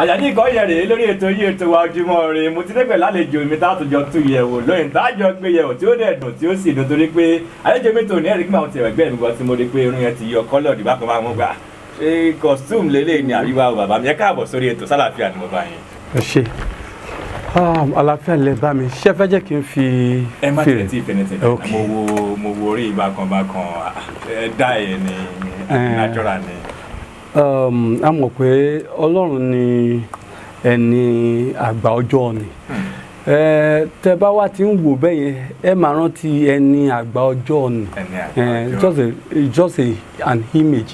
àjàdí ìkọ́ yẹn rèé lórí ètò yìí ètò wa Ojúmọ́ Ire mo ti dẹ́pẹ̀ lálejò mi tátòjọ tú yẹ̀wò lóyìn tájọ gbé yẹ̀wò tí ó dẹ̀ dùn tí ó sì dùn torí pé àlejò mi tò ní ẹ̀rí kí màá ti ẹ̀gbẹ́ mi gbọ́ tí mo rí pé irun yẹn ti yọ kọ́lọ̀ dìbà kan máa mú gbà ṣé costume lélẹ̀ ni àríwá o bàbá mi ẹ káàbọ̀ sórí ètò sálàfíà ni mo bá yín. ẹ ṣe àlàáfíà lè bá mi ṣé fẹ́ jẹ́ kí n fi. ẹ má tẹ̀ natural ni a mọ̀ pé ọlọ́run ni ẹni àgbà ọjọ́ ni tẹ bá wá ti ń wò bẹ́ẹ̀ yẹn ẹ máa rántí ẹni àgbà ọjọ́ ni just a just an image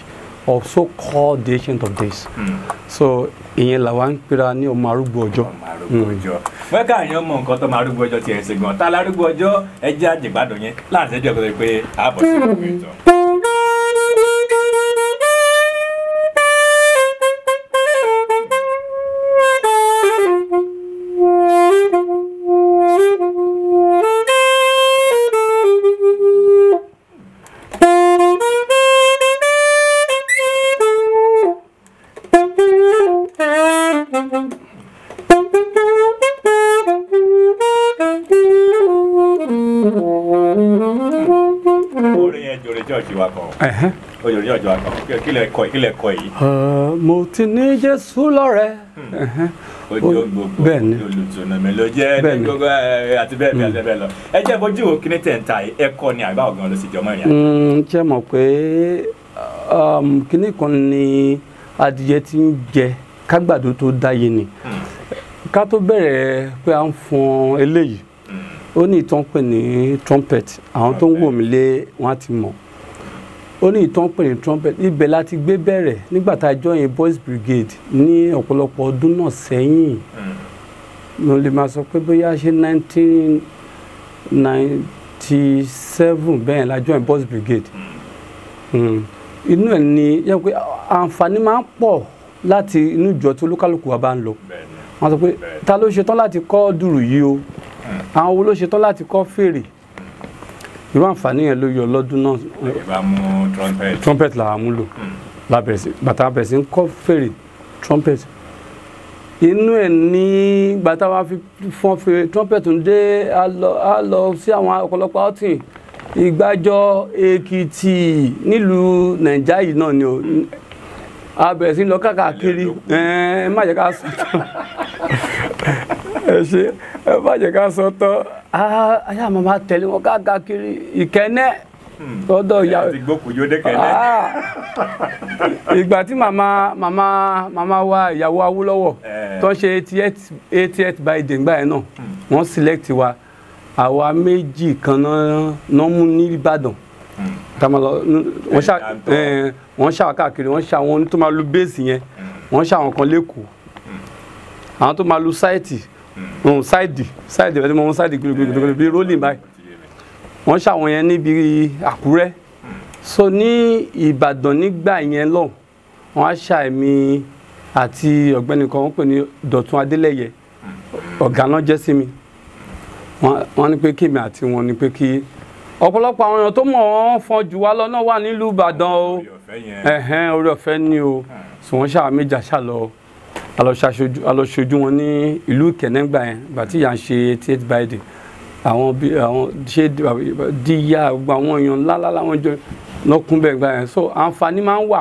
of so called the ancient of days hmm. so ìyẹn làwa ń pera ní ọmọ arúgbó ọjọ́. ọmọ arúgbó hmm. ọjọ́ wẹ́ká àyàn mọ nǹkan tó ọmọ arúgbó ọjọ́ tiẹ̀ ń ṣe gan-an tá a lárúgbó ọjọ́ ẹ jẹ́ àjẹgbádùn yẹn láti ẹjọ́ kọ́ pé àbọ̀ sí ìlú ìtàn. ọjọ́ wa kan oyè ní ọjọ́ wa kan kí lè kọ kí lè kọ yìí. mo ti ní jésù lọ́rẹ̀. Hmm. ojú gbogbo olùtùnú mi ló jẹ́ ní gbogbo àti bẹ́ẹ̀ bẹ́ẹ̀ hmm. àti bẹ́ẹ̀ lọ ẹ jẹ́ bójú wo kíní tẹ̀ǹta ẹ kọ́ ni àbá ọ̀gán ló sì jọmọ́ ìrìn àjò. Hmm, ṣé mọ̀ pé um, kíní kan ni adìyẹ ti ń jẹ kágbàdo tó dáyé ni ká tó bẹ̀rẹ̀ pé à ń fọn eléyìí ó ní ìtàn pè ní trumpet àwọn tó ń wò mí lé wọn ti mọ̀ ó ní ìtàn pè ní trumpet ibẹ̀ láti gbé bẹ̀rẹ̀ nígbà tá a join boys brigade ní ọ̀pọ̀lọpọ̀ ọdún náà sẹ́yìn hmm. mo lè máa sọ pé bóyá ṣe nineteen ninety seven bẹ́ẹ̀ la join boys brigade hmm. Hmm. inú ẹ̀ ni yẹ pé àǹfààní máa ń pọ̀ láti inú ìjọ tó olúkálùkù wa bá ń lọ wọ́n sọ pé ta ló ṣetán láti kọ́ dùrù yìí o àwọn wo ló ṣetán láti kọ́ fèrè irú àǹfààní yẹn ló yọ lọ́dún náà. ìbá mú trumpet. trumpet làwọn múlò hmm. bàtà bẹ̀rẹ̀ sí ń kọ́ fèrè trumpet inú ẹ̀ ní bàtà wa fi fọ́n fèrè trumpet ń dé a lọ sí àwọn ọ̀pọ̀lọpọ̀ outing ìgbàjọ èkìtì nílùú nàìjíríà yìí náà ni o a bẹ̀rẹ̀ sí lọ káàkiri ẹ má jẹ́ ká sọ tán ẹ ṣe ẹ má jẹ́ ká sọ tán. Ah, ayé àmọ́ máa tẹ̀lé wọn káàkiri ìkẹ́nẹ́ hmm. lọ́dọ̀ ìyá rẹ̀. ìgbókòjó dẹ́kẹ̀lẹ́. Ah. ìgbà tí màmá màmá màmá wa ìyàwó Awólọ́wọ̀ tó ń ṣe eighty eight eighty eight Biden gbà yẹn náà hmm. wọ́n select wa àwa méjì kan náà mú ní Ìbàdàn hmm. tamalọ wọ́n ṣà káàkiri wọ́n ṣà wọn tó máa lu bẹ́ẹ̀sì yẹn wọ́n ṣà wọn kan lẹ́kọ̀ọ́ àwọn tó máa lu sáìtì òun ṣáìdì ṣáìdì bẹ́ẹ̀ tí mo mú ṣáìdì gbèrègbèrè bíi rolling báyìí wọ́n ṣàwọn yẹn níbi àkúrẹ́ so ní ìbàdàn nígbà yẹn lọ wọ́n á ṣà èmi àti ọ̀gbẹ́ni kan wọ́n pè ní dọ̀tún adélẹ́yẹ ọ̀gá náà jẹ́ sí mi wọ́n ní pé kémi àti wọn ní pé kí ọ̀pọ̀lọpọ̀ àwọn èèyàn tó mọ̀ wọ́n fọn jù wá lọ́nà wà nílùú ìbàdàn o orí ọ̀fẹ́ ni o hmm. sùn wọ́n ṣàwọn méjà ṣà lọ alọ́ṣojú wọn ní ìlú kẹ̀nẹ́gbà yẹn bàtí yà ń ṣe eighty eight by day àwọn bí àwọn ṣé díyà gbogbo àwọn èèyàn ńláńlá làwọn jọ lọ́kùnbẹ̀ gbà yẹn so àǹfààní máa ń wà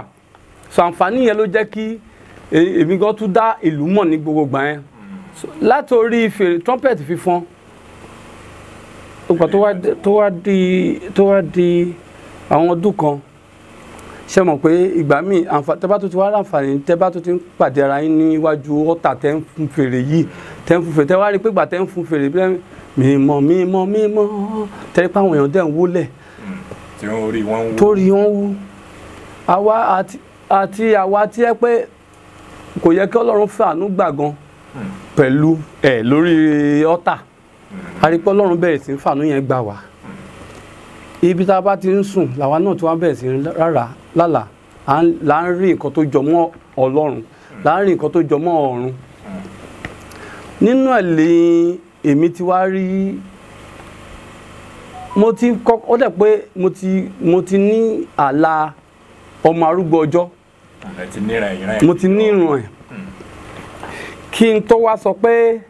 so àǹfààní yẹn ló jẹ́ kí e, èmi gan tún dá ìlú mọ̀ ní gbogbo gbà yẹn látòrí fèrè trumpet fífọn ìgbà tó wá di àwọn ọdún kan ṣe mọ̀ pé ìgbà míì tẹ́bá tó ti wá láǹfààní tẹ́bá tó ti ń pàdé ara yín níwájú ọ̀tà tẹ́ ń fún fèrè yìí tẹ́ ń fún fèrè tẹ́wá rí pé gbà tẹ́ ń fún fèrè bí mímọ́ mímọ́ mímọ́ tẹ́rí pé àwọn èèyàn dẹ̀ ń wólẹ̀ torí wọn wú àwa àti àwa tí ẹ pé kò yẹ kí ọlọ́run fàánú gbà gan hmm. pẹ̀lú ẹ̀ lórí ọ̀tà hmm. a ọlọ́run bẹ̀rẹ̀ sí fàánú yẹn gbà wá ibi tá a bá ti ń sùn làwa náà tí wọ́n bẹ̀rẹ̀ sí rárá lálàá là ń rí nǹkan tó jọ mọ́ ọlọ́run là ń rí nǹkan tó jọ mọ́ ọ̀run nínú ẹ̀ lẹ́yìn èmi ti wá rí mo ti kọ́ ó dẹ̀ pé mo ti mo ti ní àlá ọmọ arúgbó ọjọ́ mo ti ní ìrùn ẹ̀ hmm. kí n tó wá sọ pé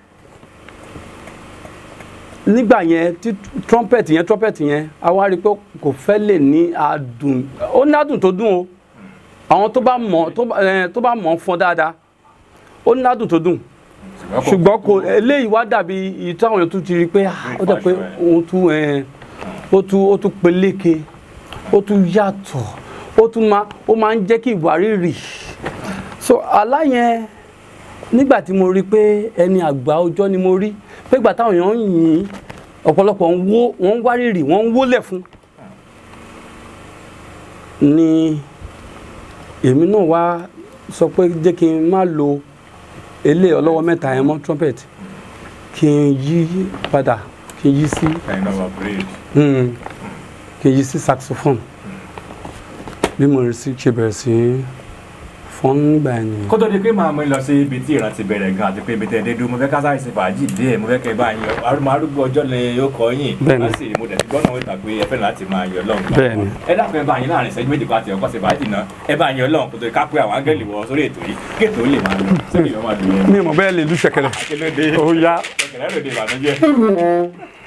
nígbà yẹn tí trumpet yẹn trumpet yẹn a wá rí i pé kò fẹ́ lè ní adùn ó ní adùn tó dùn o àwọn tó bá mọ̀ tó bá eh, mọ̀ fún dáadáa ó ní adùn tó dùn ṣùgbọ́n kò eléyìí wá dàbí ìyí táwọn èèyàn tún ti rí i pé ah, ó dẹ̀ pé òun tún eh, ó tún ó tún peléke ó tún yàtọ̀ ó tún máa ó máa ń jẹ́ kí ìwà rírì so àlá yẹn nígbà tí mo rí i pé ẹni àgbà ọjọ́ ni mo rí pé ìgbà táwọn ń yìn ọ̀pọ̀lọpọ̀ ń wó wọ́n ń wárìrì wọ́n ń wólẹ̀ fún ni èmi náà wá sọ pé jẹ́ kí n má lo elé ọlọ́wọ́ mẹ́ta ẹ̀ mọ́ trumpet kí n yí padà kí n yí sí hmm, kí n yí sí saxophone bí mo rí sí ṣe bẹ̀rẹ̀ sí fún nígbà yẹn. kó tó di pé màá mú lọ sí ibi tí ìran ti bẹ̀rẹ̀ gan àti pé ibi tẹ̀ dédú mo fẹ́ kásá ìsìn fàájì díẹ̀ mo fẹ́ kẹ́ bá yín arúgbó arúgbó ọjọ́ ni ó kọ́ yín láti mo dẹ̀ ti gbọ́ náà wípé pé ẹ fẹ́ láti máa yọ lọ́hùn. bẹ́ẹ̀ni ẹ dákun ẹ bá yín láàrin ìṣẹ́jú méjì kan àti ọ̀pọ̀ ṣe fàájì náà ẹ bá yín ọlọ́hùn kó tó ká pé àwọn áńgẹ́lì wọ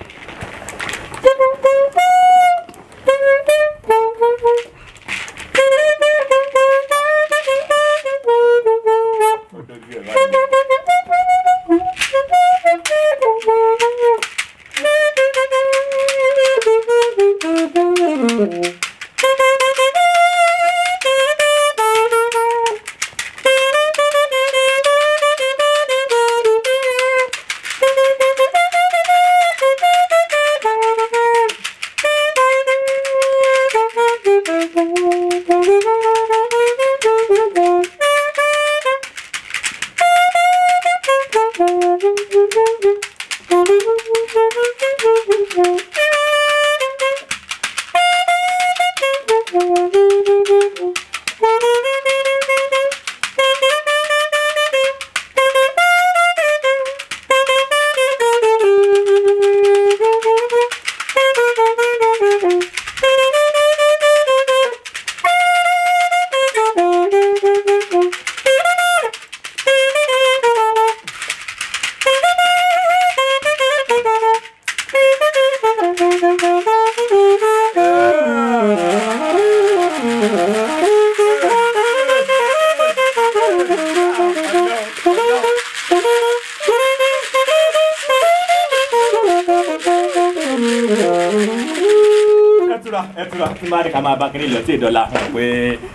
tí máa ní ká máa bá kiri lọ tí ìdọ́là hàn pé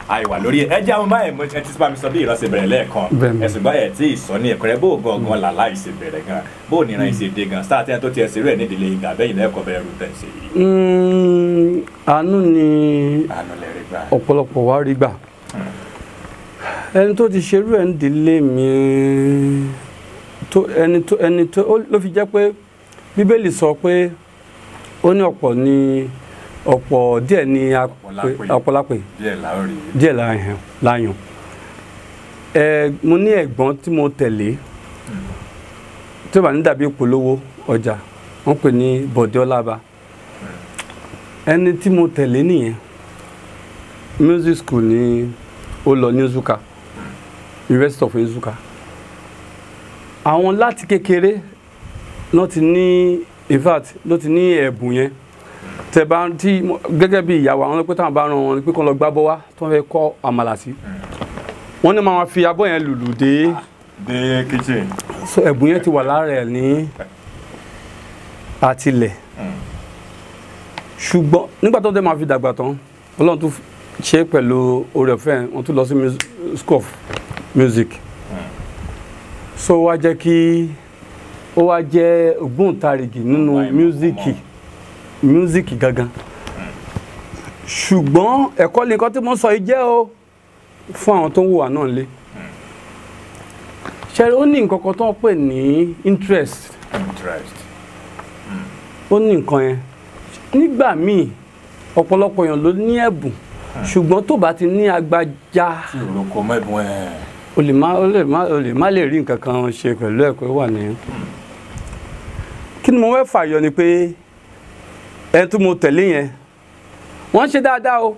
àìwà lórí ẹ jẹ́ àwọn báyìí mo ẹ ti bá mi sọ bí ìrọsẹ̀ bẹ̀rẹ̀ lẹ́ẹ̀kan ẹ̀sùn báyẹ̀ tí ìsọ ní ẹ̀kọ́rẹ́ bó gangan làlá ìṣe bẹ̀rẹ̀ gan bó nira ìṣe dé gan sáà tẹ́yìn tó ti ẹ̀sìn rẹ̀ nídìílé ìgbà bẹ́yìn lẹ́ẹ̀kọ́ bẹ̀rẹ̀ rú tẹ̀ ṣe yìí. Hmm, àánú ni ọ̀pọ̀lọpọ̀ wa rí gbà hmm. ẹni tó ti ṣerú ẹ̀ ń mi ẹni tó ló fi jẹ́ pé bíbélì sọ pé ó ní ọ̀pọ̀ ni. ọ̀pọ̀ díẹ̀ ni ọ̀pọ̀lápẹ̀ díẹ̀ láyàn ẹ mo ní ẹ̀gbọ́n tí mo tẹ̀lé hmm. tí ó bá ní dàbí ìpolówó ọjà wọ́n pè ní Bọ̀dé Ọlábà. Hmm. ẹni tí mo tẹ̀lé nìyẹn music school ni ó lọ ní Nsukka hmm. University of Nsukka àwọn láti kékeré ló ti ní in fact ló ti ní ẹ̀bùn yẹn. tẹ bá ń tí gẹ́gẹ́ bí ìyàwó àwọn ọlọ́pẹ́ táwọn bá ràn wọn ni pé kàn lọ gbá bọ́ wá tí wọ́n fẹ́ kọ́ àmàlà sí wọ́n ní máa fi abọ́ yẹn lùlù dé dé kitchen so ẹ̀bùn yẹn ti wà lára ẹ̀ ní àtìlẹ̀ ṣùgbọ́n nígbà tó dé máa fi dàgbà tán ọlọ́run tún ṣe pẹ̀lú oore ọ̀fẹ́ wọn tún lọ sí school of music so wá jẹ́ kí ó wá jẹ́ ògbóǹtarìgì nínú mísíkì music gangan ṣùgbọ́n ẹ̀kọ́ lè kọ́ tí mo sọ yìí jẹ́ o fún àwọn tó ń wò náà lé ṣe ó ní nǹkan kan tó ń pè ní interest ó ní nǹkan yẹn nígbà míì ọ̀pọ̀lọpọ̀ èèyàn ló ní ẹ̀bùn ṣùgbọ́n tó bá ti ní agbájá o lè má o lè má o lè má lè rí nǹkan kan ṣe pẹ̀lú ẹ̀kọ́ wà ní. kí ni mo fẹ́ fàyọ ni pé ẹni tí mo tẹ̀lé yẹn wọ́n ṣe dáadáa o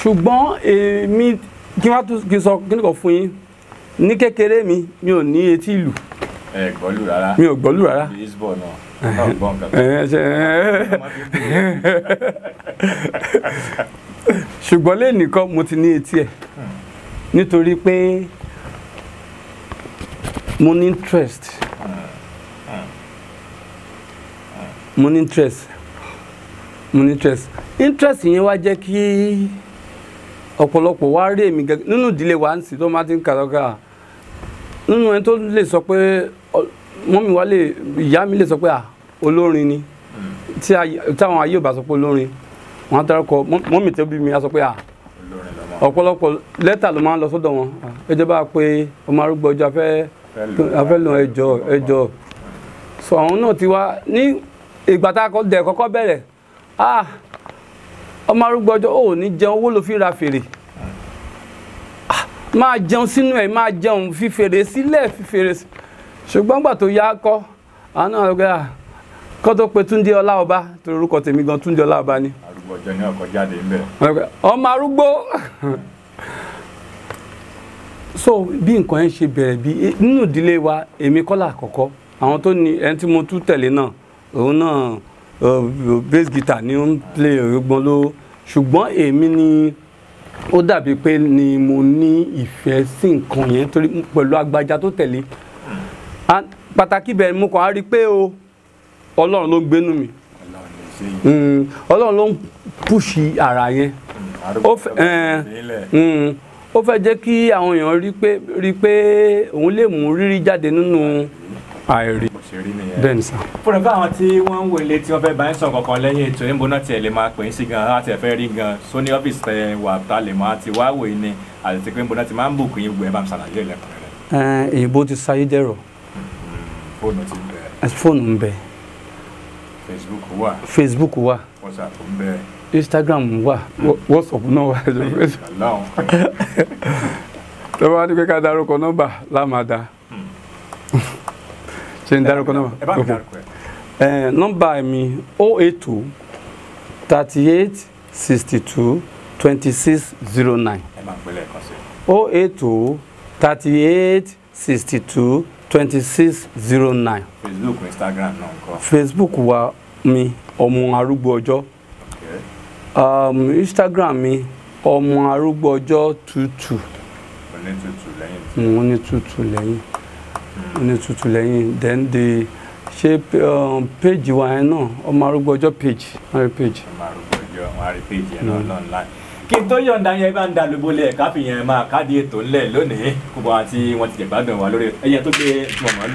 ṣùgbọ́n èmi kí wọ́n tún kí n sọ kí n kàn fún yín ní kékeré mi mi ò ní etí ìlù ẹ gbọ́lù rárá mi ò gbọ́lù rárá baseball náà ọgbọ́n mo ti ní etí ẹ̀ nítorí pé mo ní interest mo ní interest mo ní interest interest yẹn wá jẹ́ kí ọ̀pọ̀lọpọ̀ wá rí èmi gẹ́gẹ́ nínú ìdílé wa ń sì tó máa ti ń kà lọ́gà nínú ẹni tó lè sọ pé mọ́mí wa lè ìyá mi lè sọ pé olórin ni táwọn ayé ò bá sọ pé olórin wọn á dárúkọ mọ́mí tó bí mi á sọ pé à ọ̀pọ̀lọpọ̀ lẹ́tà ló máa ń lọ sọ́dọ̀ wọn ẹjọ́ bá pé ọmọ arúgbó ọjọ́ afẹ́ lọ ẹjọ́ ẹjọ́ sọ àwọn náà ti wá ní ìgbà tá a kọ́ dẹ̀ kọ́kọ́ bẹ̀rẹ̀ ah ọmọ arúgbó ọjọ́ ò ní jẹun owó ló fi ra fèrè ah, máa jẹun sínú ẹ̀ máa jẹun fi fèrè sílẹ̀ fi fèrè ṣùgbọ́n gbà tó yá kọ́ àánú àgbà kọ́ tó pe túndé ọlá ọba tó orúkọ tèmi gan túndé ọlá ọba ni. arúgbó ọjọ́ ní ọkọ̀ jáde ń bẹ̀. ọmọ arúgbó so bí nǹkan yẹn ṣe bẹ̀rẹ̀ bí nínú ìdílé wa èmi kọ́ àkọ́kọ́ àwọn tó ní ẹni tí mo tún tẹ̀lé náà òun náà bass guitar ni ó ń play ògbọ́n ló ṣùgbọ́n èmi ni ó dàbí pé ni mo ní ìfẹ́ sí nǹkan yẹn torí pẹ̀lú agbájá tó tẹ̀lé pàtàkì bẹ́ẹ̀ mo kàn á rí i pé o ọlọ́run ló ń gbénú mi hmm, ọlọ́run ló ń pùṣì ara yẹn eh, hmm, ó fẹ́ jẹ́ kí àwọn èèyàn rí pé òun lè mú rírí jáde nínú àìrí ṣe rí nìyẹn. bẹ́ẹ̀ ni sà. fúnra fún àwọn tí wọ́n ń wọlé tí wọ́n fẹ́ bá ń sọ kankan lẹ́yìn ètò níbo náà tiẹ̀ lè máa pè é sí gan láti ẹ̀fẹ́ rí gan sóní ọ́fíìsì tẹ wà tá lè máa ti wá wòye ni àti pé níbo náà ti máa ń bùkún yín gbọ́ ẹ bá ń ṣàlàyé ẹ̀lẹ́kùnrin rẹ̀. èèbó ti sáyé dẹ̀rọ̀. Mm-hmm. fóònù ti bẹ̀. fóònù ń bẹ. facebook wà. facebook wà. whatsapp ń bẹ. instagram wà mm. whatsapp náà wà tó bá ní pé ká dárúkọ nọ́mbà lámàdá ṣe ń dárúkọ náà ẹ bá mi dárúkọ ẹ. nọ́mbà mi o oh eight two thirty eight sixty two twenty six zero oh nine o oh eight two thirty eight sixty two twenty six zero nine. facebook instagram náà ńkọ́. facebook wa mi ọmọ arúgbó ọjọ́ um, instagram mi ọmọ arúgbó ọjọ́ tutù. mo ní tutù lẹ́yìn. mo hmm, tutù lẹ́yìn ní then the ṣe um, page wa yẹn náà ọmọ page mari page. ọmọ arúgbó ọjọ́ mari page yẹn náà hmm. lọ́nà láì kí n tó yọ̀ǹda yẹn bá ń da lóbólẹ̀ káfí yẹn máa káàdì ètò ńlẹ̀ lónìí kó bá wọn ti jẹ̀gbádùn wa lórí ẹyẹ tó gbé mọ̀mọ́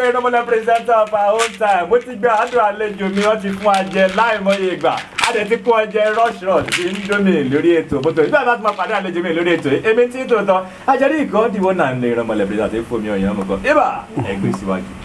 lẹ́nu ìrọ́mọlẹ́ pírẹsẹ́ńtọ̀ pa old time mo ti gba àdúrà àlejò mi wọ́n ti fún ajẹ láìmọye ìgbà adẹ̀ ti kó ọjẹ rush rush indomie lórí ètò bótó ìgbà bá ti máa pàdé àlejò mi lórí ètò èmi tí tòótọ́ ajẹ́rìí ìkọ́ dìbò náà ń lè ìrọ́mọlẹ́ pírẹsẹ́ńtọ̀ fún mi ọ̀yàn mọ̀kọ́ ibà ẹgbẹ́ síwájú.